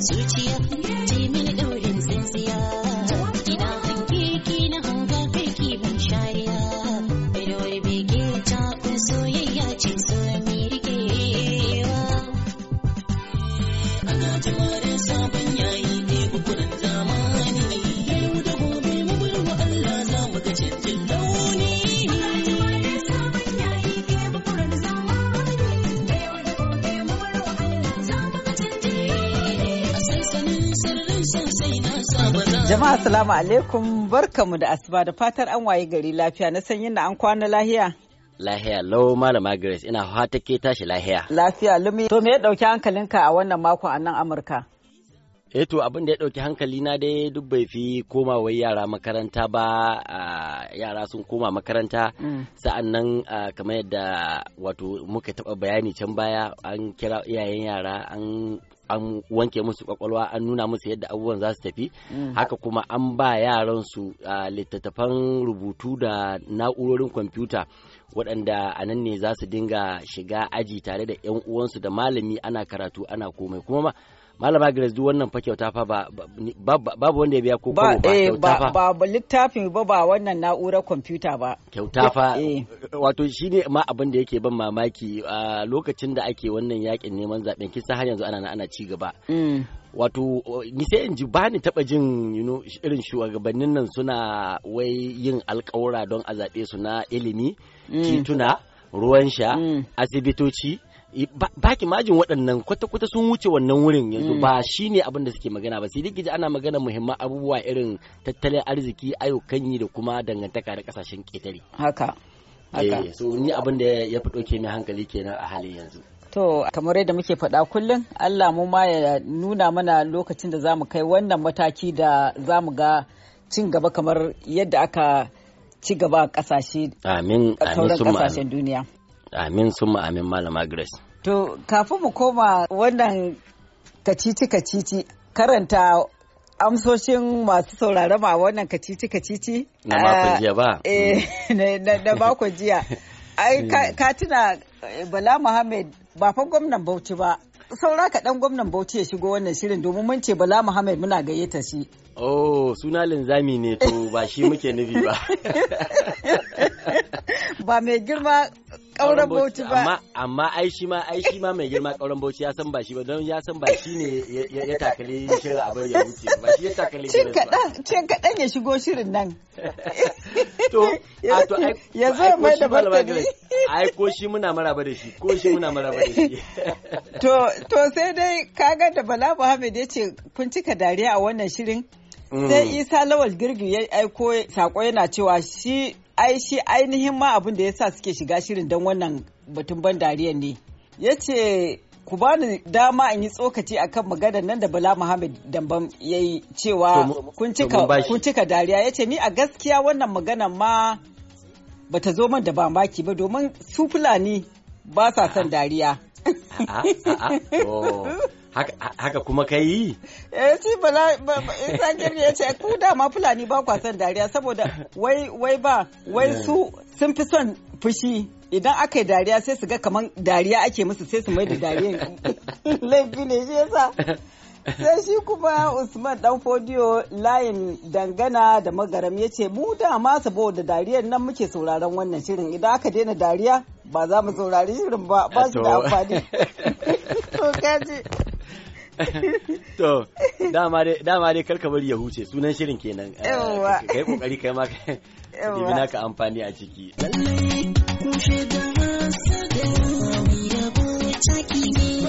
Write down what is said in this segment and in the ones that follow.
苏七夜。Assalamu alaikum barkamu da asuba da fatar an waye gari lafiya na san yin an kwana lahiya. Lahiya low malama Grace ina ta ke tashi lahiya. Lafiya lumi. To me ya dauki hankalinka a wannan makon a nan Amurka? Eh to abin da ya ɗauki hankali na dai duk bai fi wai yara makaranta ba yara sun koma makaranta mm. sa'an nan kamar yadda wato muka taba bayani can baya an kira iyayen yara an an wanke musu kwakwalwa an nuna musu yadda abubuwan za su tafi mm. haka kuma an ba yaran su littattafan rubutu da na'urorin kwamfuta waɗanda a nan ne za su dinga shiga aji tare da 'yan uwansu da malami ana karatu ana komai kuma ma. malama gires duk wannan fa kyauta fa babu wanda ya biya ko ba eh, ba ba littafin ba ba wannan na'urar kwamfuta ba kyauta fa eh, eh. wato shine ma abin da yake ban mamaki a lokacin da ake wannan yakin neman zaben kisa har yanzu ana ana ci gaba mm. wato ni sai in ji ba ni taba jin you irin shugabannin nan suna wai yin alkawura don a zaɓe su na ilimi mm. tituna ruwan sha mm. asibitoci ba ki majin waɗannan kwata-kwata sun wuce wannan wurin yanzu mm. ba shi ne abinda suke magana ba sai dai ana magana muhimman abubuwa irin tattalin arziki ayyukan yi da kuma dangantaka da kasashen ƙetare haka haka eh, so ni abin da ya fi ɗauke mai hankali kenan a halin yanzu To kamar yadda muke faɗa kullum Allah mu ma ya nuna mana lokacin da za mu kai wannan mataki da za mu ga cin gaba kamar yadda aka ci gaba a ƙasashe. Amin. Sauran ƙasashen duniya. Amin sun amin malama Grace. To kafin mu koma wannan kacici kacici karanta amsoshin masu saurare ma wannan kacici kacici. Eh, eh, hmm. Na mako jiya ba. Eh na mako jiya. Ai ka hmm. tuna eh, Bala Muhammad ba fa gwamnan Bauchi ba. Saura kaɗan gwamnan Bauchi ya shigo wannan shirin domin mun ce Bala Muhammad muna gayyata shi. Oh, suna linzami ne to ba shi muke nufi ba. Ba mai girma kauran bauchi ba amma amma ai shi ma ai shi ma mai girma kauran bauchi ya san ba shi ba don ya san ba shi ne ya takale shirin abin ya wuce ba shi ya takale shirin ba cin kadan ya shigo shirin nan to a to ya zo mai da martani ai ko shi muna maraba da shi ko shi muna maraba da shi to to sai dai kaga da Bala Muhammad ya ce kun cika dariya a wannan shirin mm. sai Isa Lawal Girgi ya aiko sako yana cewa shi ai shi ainihin ma abin da ya sa suke shiga shirin don wannan batun ban dariyar ne ya ce ku bani dama in yi tsokaci akan maganar nan da bala muhammad damban ya yi cewa kun cika dariya ya ce ni a gaskiya wannan magana ma bata zo man da ba maki ba domin su fulani ba sa son dariya haka kuma ka yi? Eh shi bala ya ce ku dama Fulani ba kwa son dariya saboda wai wai ba wai eh. su sun fi son fushi idan aka yi dariya sai su ga kamar dariya ake musu sai su mai da dariyan laifi ne shi yasa sai shi kuma usman dan fodiyo layin dangana da magaram ya ce mu dama saboda dariyan nan muke sauraron wannan shirin idan aka daina dariya ba za mu saurari shirin ba ba shi da amfani to dama dai karka bari ya huce sunan shirin kenan ah, kai kokari kai ma ka naka amfani a ciki lallai kushe da hasa da wani yabo ne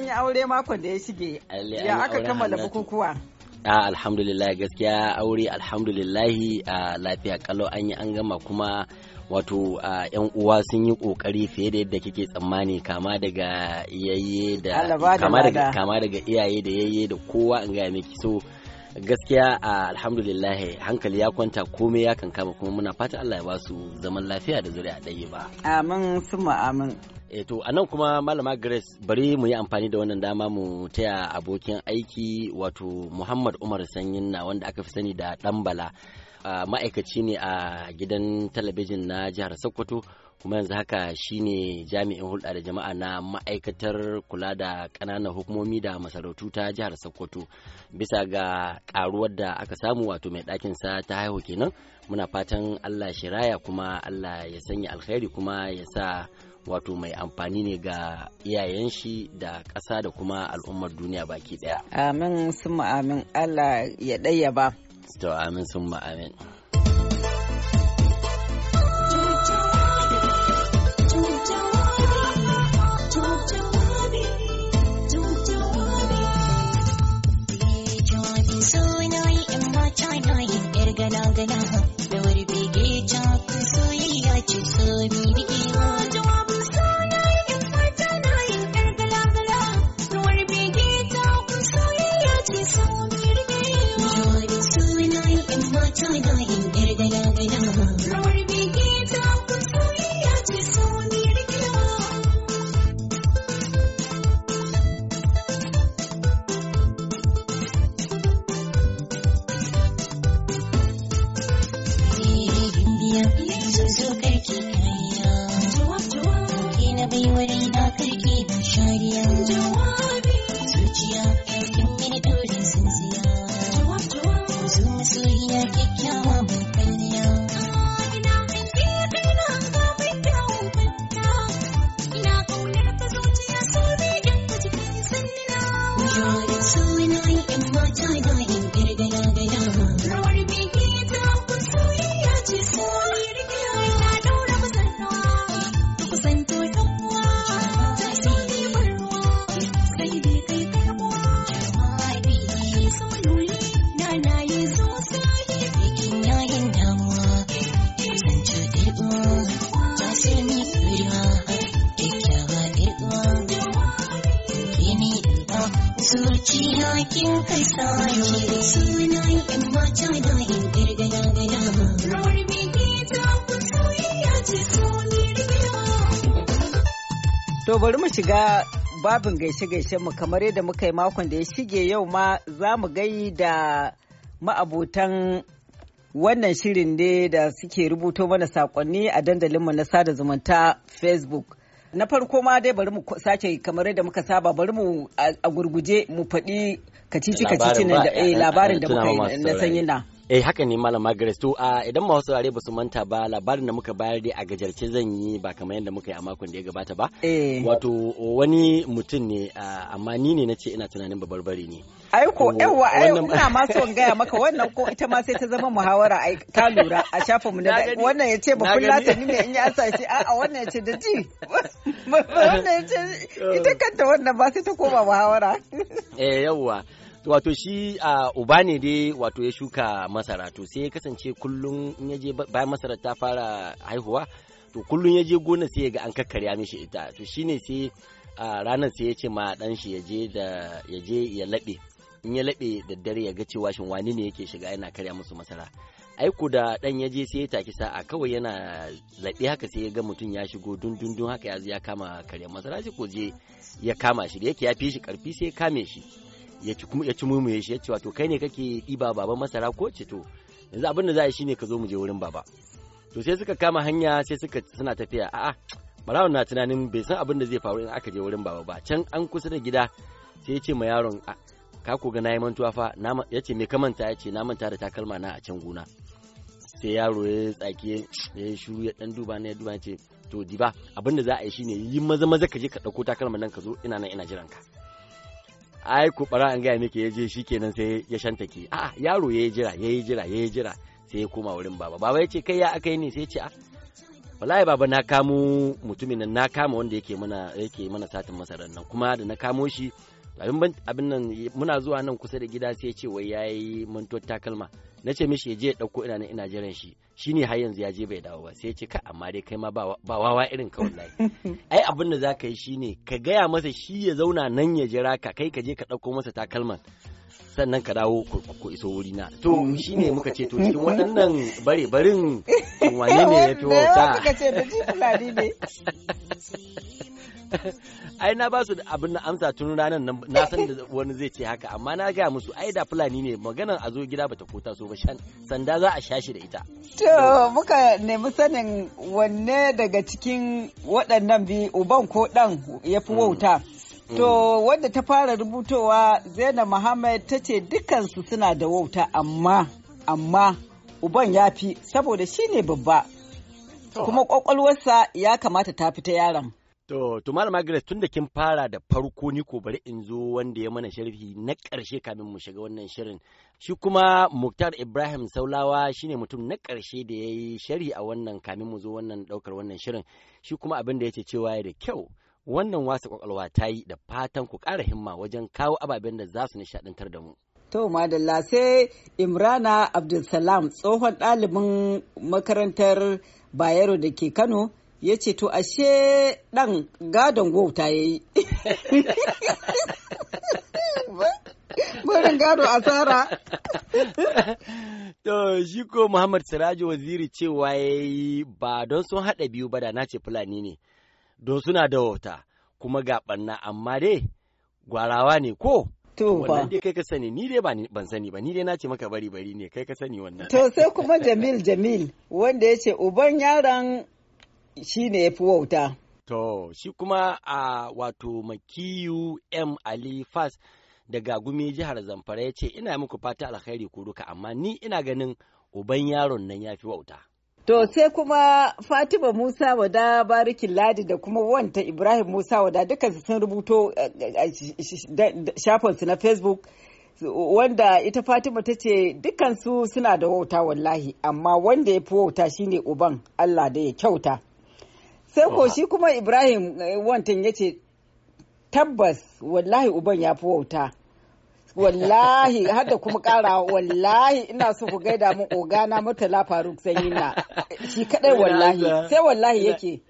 an yi aure makon da ya shige ya aka kammala bukukuwa a alhamdulillah gaskiya aure alhamdulillah a lafiya kalau an yi an gama kuma wato yan uwa sun yi kokari fiye da yadda kike tsammani kama daga iyaye da kama daga iyaye da yayye da kowa an ga miki so gaskiya alhamdulillah hankali ya kwanta komai ya kankama kuma muna fata Allah ya ba su zaman lafiya da zuri'a ɗaya ba amin suma amin E to a nan kuma malama Grace bari mu yi amfani da wannan dama mu taya abokin aiki wato Muhammad Umar Sanyin na wanda aka fi sani da dambala. Ma'aikaci ne a gidan talabijin na jihar Sokoto kuma yanzu haka shine jami'in hulɗa da jama'a na ma'aikatar kula da ƙananan hukumomi da masarautu ta jihar sokoto bisa ga ƙaruwar da aka samu wato mai ɗakin sa ta haihu kenan muna fatan allah shiraya kuma allah ya sanya alkhairi kuma ya sa wato mai amfani ne ga iyayen shi da ƙasa da kuma al'ummar duniya baki ɗaya. Amin sun amin Allah ya ɗaya ba. To amin sun amin. Gana gana shiga babin gaishe-gaishe mu kamar yadda muka yi makon da ya shige yau ma za mu gai da ma'abutan wannan shirin ne da suke rubuto mana sakonni a dandalinmu na sada zumunta facebook na farko ma dai bari mu sake kamar yadda muka saba bari mu a gurguje mu faɗi kacici kacici na labarin eh, da muka yi na sanyi Eh haka ne malama Grace to a idan masu saurare ba su manta ba labarin da muka bayar dai a gajarce zan yi ba kamar yadda muka yi a makon da ya gabata ba. Eh. Wato wani mutum ne amma ni ne nace ina tunanin babarbare ne. Aiko yawa ai ina ma so in gaya maka wannan ko ita ma sai ta zama muhawara ai ka lura a shafin mu na wannan yace ba ta ni ne in ya sa shi a wannan yace da ji. Wannan yace ita kanta wannan ba sai ta koma muhawara. Eh yawa wato shi a uba ne dai wato ya shuka masara to sai ya kasance kullum in ya bayan masara ta fara haihuwa to kullum ya je gona sai ya ga an kakkarya mishi ita to shine sai a ranar sai ya ce ma dan shi ya je ya laɓe in ya laɓe da dare ya ga cewa shin wani ne yake shiga yana karya musu masara aiko da dan ya je sai ya taki sa'a kawai yana laɓe haka sai ya ga mutum ya shigo dundundun haka ya ya kama karya masara sai ko je ya kama shi da yake ya fi shi karfi sai ya kame shi ya ci kuma ya ci mumuye shi ya ce wato kai ne kake ɗiba baban masara ko ce to yanzu abin da za a shi ne ka zo mu je wurin baba to sai suka kama hanya sai suka suna tafiya a'a Marawon na tunanin bai san abin da zai faru in aka je wurin baba ba can an kusa da gida sai ya ce ma yaron ka ko ga nayi mantuwa fa ya ce me ka manta ya ce na manta da takalma na a can gona sai yaro ya tsaki ya ya dan duba ne ya duba ce to diba abin da za a yi shine yi maza maza ka je ka dauko takalma nan ka zo ina nan ina jiran ka ai ku bara an gaya miki ya je shi kenan sai ya shanta ki a yaro ya jira ya jira ya jira sai ya koma wurin baba baba yace kai ya akai ni sai ya ce a wallahi baba na kamo mutumin nan na kama wanda yake mana yake mana satin masaran nan kuma da na kamo shi abin nan muna zuwa nan kusa da gida sai ya ce wai yayi mantuwar takalma na ce mishi ya je ya ɗauko ina ina jiran shi shi shine har yanzu ya je bai dawo ba sai ya ce ka amma dai kai ma ba wawa irin ka wallahi ai abin da za ka yi shine ka gaya masa shi ya zauna nan ya jira ka kai ka je ka ɗauko masa takalman sannan ka dawo ko iso wuri na to shine muka ce to cikin waɗannan bare barin wane ne ya fi wauta ai na ba su abin na amsa tun ranar nan na san da wani zai ce haka amma na gaya musu ai da fulani ne maganan a zo gida bata kota so ba sanda za a sha shi da ita to muka nemi sanin wanne daga cikin waɗannan biyu uban ko ɗan ya fi mm. wauta mm. To wadda ta fara rubutowa Zainab Muhammad ta ce dukansu suna da wauta amma amma uban ya fi saboda shi ne babba kuma ƙwaƙwalwarsa ya kamata ta fita yaron. To, to Malama tun da kin fara da farko ni ko bari in zo wanda ya mana sharhi na ƙarshe kamin mu shiga wannan shirin. Shi kuma Muktar Ibrahim Saulawa shi ne mutum na ƙarshe da ya yi sharhi a wannan kamin mu zo wannan ɗaukar wannan shirin. Shi kuma abin da ya ce cewa ya da kyau wannan wasa kwakwalwa ta yi da fatan ku ƙara himma wajen kawo ababen da za su nishaɗantar da mu. To madalla sai Imrana Abdulsalam tsohon ɗalibin makarantar Bayero da ke Kano ya ce to ashe ɗan gadon gwauta ya yi barin gado asara to shi ko muhammad siraji waziri cewa ya yi ba don sun haɗa biyu ba da na ce fulani ne don suna da wauta kuma ga ɓanna amma dai gwarawa ne ko Wannan dai kai ka sani ni dai ban sani ba ni dai na ce maka bari bari ne kai ka sani wannan. To sai kuma Jamil Jamil wanda ya ce uban yaron shi ne ya fi wauta. To, shi kuma a wato Makiyu M. Ali Fas daga gumi jihar Zamfara ya ce ina muku fata alkhairi ku duka amma ni ina ganin uban yaron nan ya fi wauta. To sai kuma Fatima Musa wada barikin ladi da kuma wanta Ibrahim Musa wada dukansu sun rubuto eh, eh, eh, shafinsu na Facebook wanda ita Fatima ta ce dukansu suna da wauta wallahi amma wanda ya fi wauta shine uban Allah da ya kyauta. sai ko shi kuma ibrahim eh, wantan ya ce tabbas wallahi uban ya fi wauta wallahi hada kuma kara wallahi ina so ku gaida mu ogana murtala faruk sanyi na shi kadai wallahi sai wallahi yake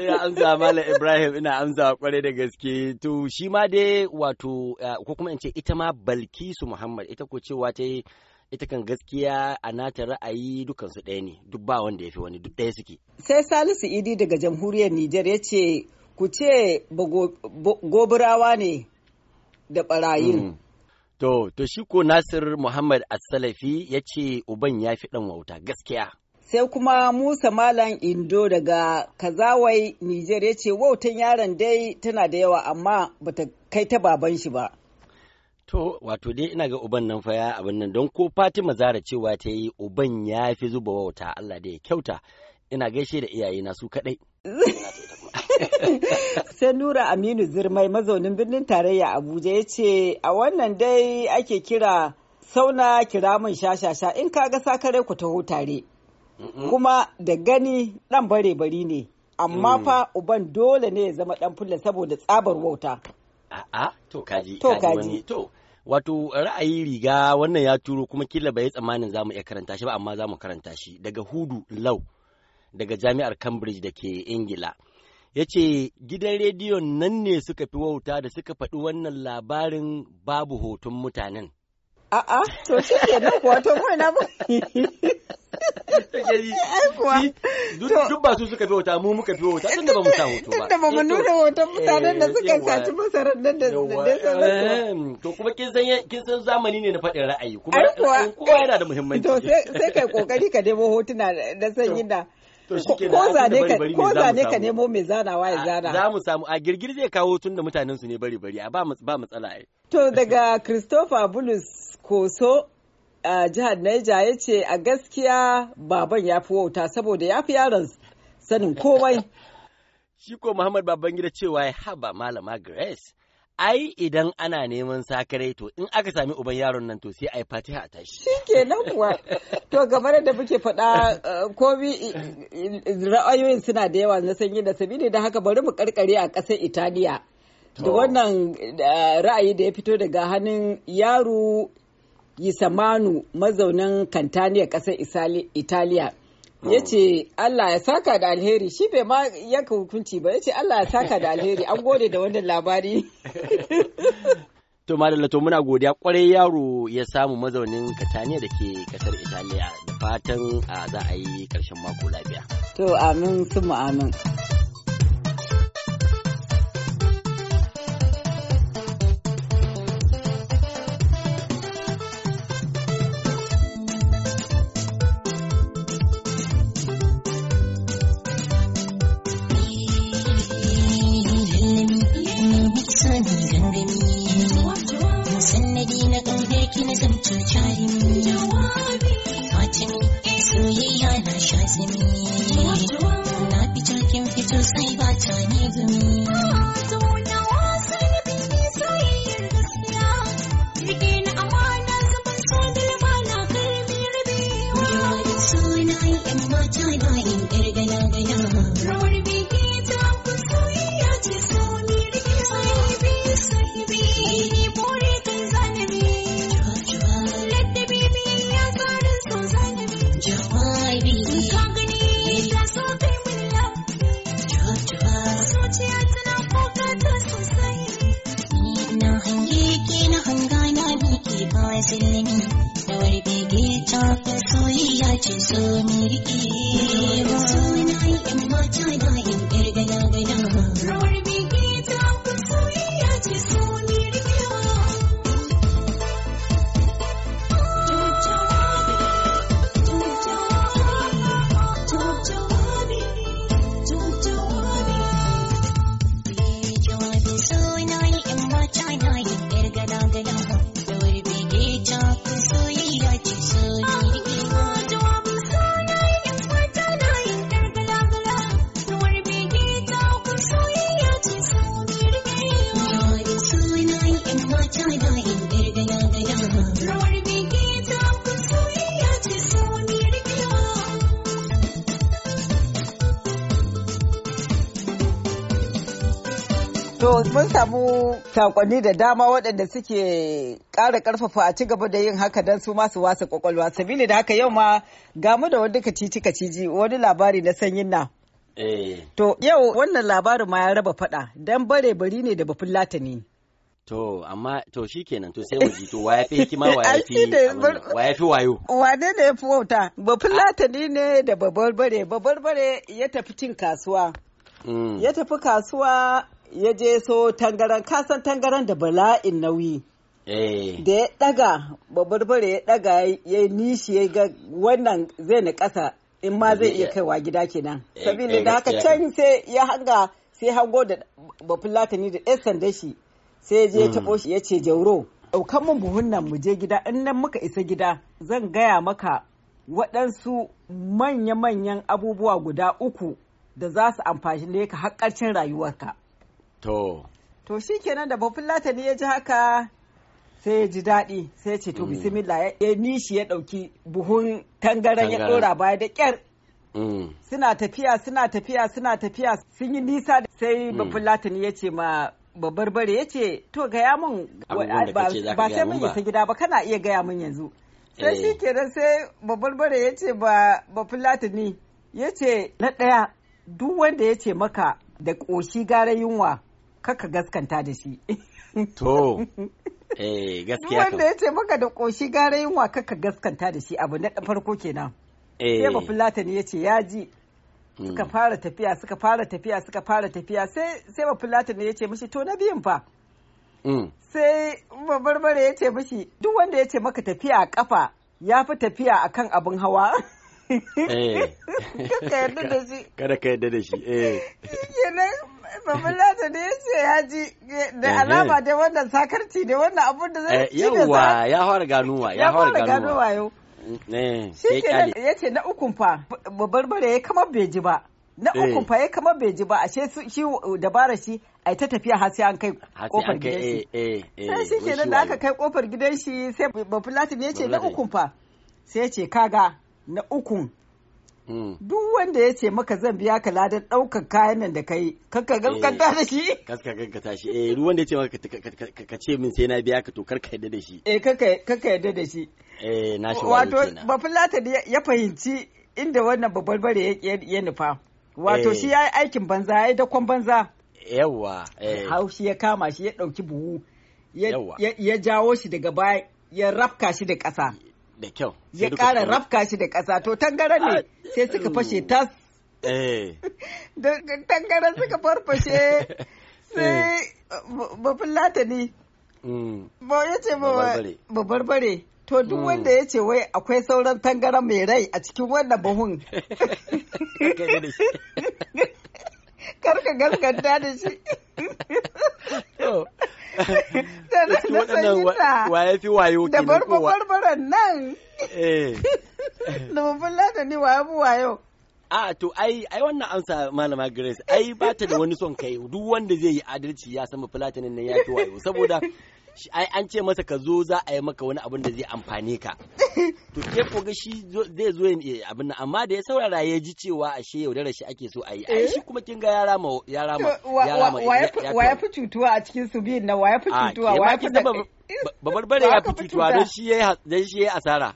ina amsa mala ibrahim ina amsa kwarai da gaske to shi ma dai wato eh, ko kuma in ce ita ma balkisu muhammad ita ko cewa ta yi ita kan gaskiya a nata ra'ayi su ɗaya ne duk ba wanda ya fi wani duk ɗaya suke. sai salisu idi daga jamhuriyar nijar ya ce ku ce goburawa ne da ɓarayin. Mm. to to shi ko nasir muhammad asalafi ya ce uban ya fi ɗan wauta gaskiya. sai kuma musa malam indo daga kazawai nijar ya ce wautan yaron dai tana da yawa amma bata kai ta baban shi ba. To, wato dai ina ga uban nan faya abin nan don ko Fatima Zara cewa ta yi uban ya fi zuba wauta Allah da ya kyauta ina gaishe da iyayena su kaɗai. Sai Nura Aminu Zirmai mazaunin birnin tarayya Abuja ya ce a wannan dai ake kira sauna kira min shashasha in ka ga sakare ku taho tare. Kuma da gani ɗan bare bari ne, amma mm. fa uban dole ne ya zama ɗan fulla saboda tsabar wauta. A'a, to kaji, kaji to. Wato ra'ayi riga wannan ya turo kuma kila bai tsammanin za mu iya karanta shi ba amma za mu karanta shi daga Hudu Lau daga Jami'ar Cambridge da ke Ingila. Ya ce gidan rediyon nan ne suka fi wauta da suka faɗi wannan labarin babu hoton mutanen. A'a, to shi ke nan kuwa to mai na ba. Duk ba su suka fi wata mu muka fi wata tunda ba mu sa hoto ba. Tunda ba mu eh, nuna wata mutanen da eh, suka saci masarar nan da sauransu. Ehm, to kuma kin san zamani ne na faɗin ra'ayi kuma eh, kowa yana da muhimmanci. To sai kai kokari ka nemo hotuna da sanyi da. ko zane ka nemo mai zanawa ya zana za mu samu a girgir zai kawo tun da mutanen su ne bari bari a ba matsala ai to daga Christopher Bulus koso a jihar Naija ya ce a gaskiya baban ya fi wauta saboda ya fi yaron sanin komai. Shi ko Muhammad Babangida cewa ya haba malama Grace. ai idan ana neman sakarai to in aka sami uban yaron nan to sai ai fatiha a tashi shi ke nan kuwa to gabar da muke faɗa komi ra'ayoyin suna da yawa na sanyi da sabili da haka bari mu karkare a ƙasar italiya da wannan ra'ayi da ya fito daga hannun yaro Gisamanu mazaunin Kantaniya kasar Italiya. Oh. ya ce Allah ya saka da alheri shi bai ma yanka hukunci ba ya ce Allah ya saka da alheri an gode da wannan labari to da to muna godiya kwarai yaro ya samu mazaunin kataniya da ke kasar italiya da fatan za a yi karshen mako lafiya to amin sun amin to sakonni da dama waɗanda suke ƙara ƙarfafa a ci gaba da yin haka don su masu wasa ƙwaƙwalwa sabili da haka yau ma gamu da wani ka ciji wani labari na sanyin na eh. to yau wannan labarin ma ya raba faɗa don bare bari ne da bafin latani To, amma to shi kenan to sai waje to waya fi hikima waya fi waya fi wayo. Wane ne ya fi wauta? Babban ah. latani ne da bare, babar bare ya tafi cin kasuwa. Mm. Ya tafi kasuwa ya je so tangaran kasan tangaran da bala'in nauyi eh. da ya daga babarbare ya daga ya nishi ya ga wannan zai na kasa in ma zai iya eh. kaiwa gida kenan eh, sabili da haka can sai ya hanga sai hango da bafulatani da yan sanda shi sai je ya hmm. taɓo shi ya ce jauro ɗaukan mun buhun nan mu je gida in nan muka isa gida zan gaya maka waɗansu manya-manyan abubuwa guda uku da za su amfani ka har rayuwarka. to to shi kenan da babban latani ya ji haka sai ya ji daɗi sai ce to mm. bismillah ya nishi ya ɗauki buhun tangaran ya ɗora baya da ƙyar mm. suna tafiya suna tafiya suna tafiya sun yi nisa sai mm. babban latani ya ce ma babbar bare ya ce to gaya mun ba sai mun ta gida ba kana iya gaya mun yanzu sai eh. shi kenan sai babbar bare ya ce ba babban latani ya ce na ɗaya duk wanda ya ce maka da ƙoshi gara yunwa kaka gaskanta da shi to eh gaskiya wanda ya ce maka da ƙoshi gara yunwa kaka gaskanta da shi abu na farko kenan sai eh. ba fulatani ya ce ya ji suka mm. fara tafiya suka fara tafiya suka fara tafiya sai sai ba fulatani ya ce mishi to na biyun fa mm. sai babarbare ya ce mishi duk wanda ya ce maka tafiya a kafa ya fi tafiya a kan abin hawa eh. kada ka yarda da shi eh Babbalata ne ya ce ya ji da alama da wannan sakarci da wannan abun da zai ci da za. ya fara ganuwa ya fara ganuwa yau. Shi ke ya ce na ukun fa babbarbare ya kamar bai ji ba. Na eh. ukun fa ya kamar bai ji ba ashe shi uh, dabara shi ai ta tafiya har sai an kai kofar gidan shi. Eh, eh, sai shi ke da aka kai kofar gidan shi sai babbalata ya ce na ukun fa sai ya ce kaga na ukun duk wanda ya ce maka zan biya ka ladan ɗaukar kayan nan da kai kakka gaskata eh, da shi kakka gaskata shi eh duk wanda ya ce maka ka ce min sai na biya ka to kar ka yadda da shi eh kakka yadda da shi eh na shi wato bafulata ya fahimci inda wannan babbar bare ya nufa wato eh. shi ya yi aikin banza ya yi dakon banza yawa eh. haushi ya kama shi ya ɗauki buhu ya jawo shi daga baya ya rafka shi da ƙasa da kyau ya ƙara rafka shi da ƙasa to tangaren ne sai suka fashe tas eh. tangaren suka farfashe eh. sai bafin latani mm. ba ya ce ba barbare to duk mm. wanda ya ce wai akwai sauran tangaren mai rai a cikin wannan bahun karka gaskanta da shi na sanyi ta wa ya fi wayo da barbaran nan eh. da babban lada ne wa ya fi wayo a to ai ai wannan amsa malama grace ai ba ta da wani son kai duk wanda zai yi adalci ya san fulatinin nan ya fi wayo saboda ai an ce masa ka zo za a yi maka wani abin da zai amfane ka to ke ko ga shi zai zo abin nan amma da ya saurara ya ji cewa ashe yaudarar shi ake so a yi ai shi kuma kin ga ya rama ya rama ya rama wa ya fi cutuwa a cikin su biyun nan wa ya fi cutuwa wa ya fi bare ya fi cutuwa don shi ya yi asara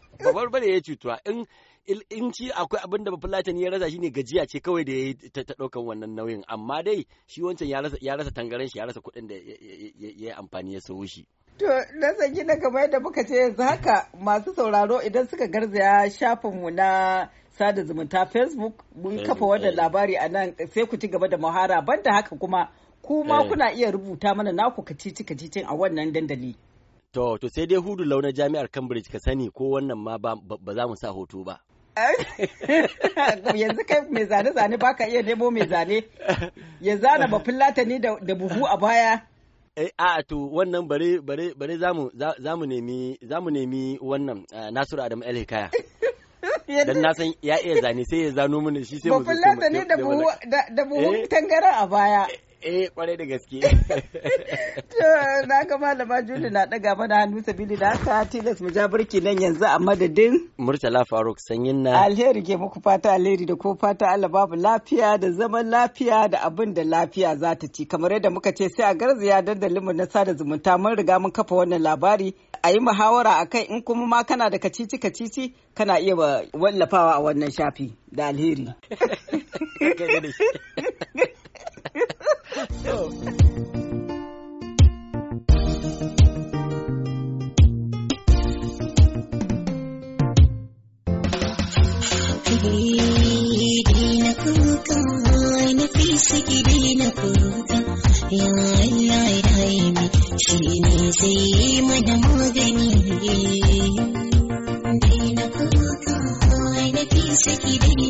bare ya cutuwa in in ci akwai abin da latin ya rasa shine gajiya ce kawai da ya yi ta ɗaukan wannan nauyin amma dai shi wancan ya rasa tangaren shi ya rasa kuɗin da ya yi amfani ya sau shi. To, na sanyi na kamar yadda muka ce yanzu haka masu sauraro idan suka garzaya shafinmu na sada zumunta Facebook mun kafa wannan eh. labari a nan sai ku ci gaba da muhara ban da haka kuma kuma eh. kuna iya rubuta mana naku kacici kacicin a wannan dandali. To, to sai dai hudu launa jami'ar Cambridge ka sani ko wannan ma ba za mu sa hoto ba. yanzu kai mai zane-zane ba ka iya nemo mai zane ya zana ba ni da buhu a baya eh, a to wannan bare bare bare zamu nemi zamu nemi wannan eh, Nasiru Adam El Hikaya dan na san ya iya zane sai ya zano mana shi sai mu zo da buhu da eh. buhu tangara a baya eh kwarai da gaske na ga malama juli na daga mana hannu sabili da ta tilas mu ja burki nan yanzu a madadin murtala faruk sanyin na alheri ke muku fata alheri da ko fata Allah babu lafiya da zaman lafiya da abin da lafiya za ta ci kamar yadda muka ce sai a garzaya dandalin mu na sada zumunta mun riga mun kafa wannan labari a yi muhawara a kai in kuma ma kana da kacici kacici kana iya wallafawa a wannan shafi da alheri Hindi na ko kawai napisigili na ko ta Yay yay yay mi sinisay madamagani Hindi na ko kawai napisigili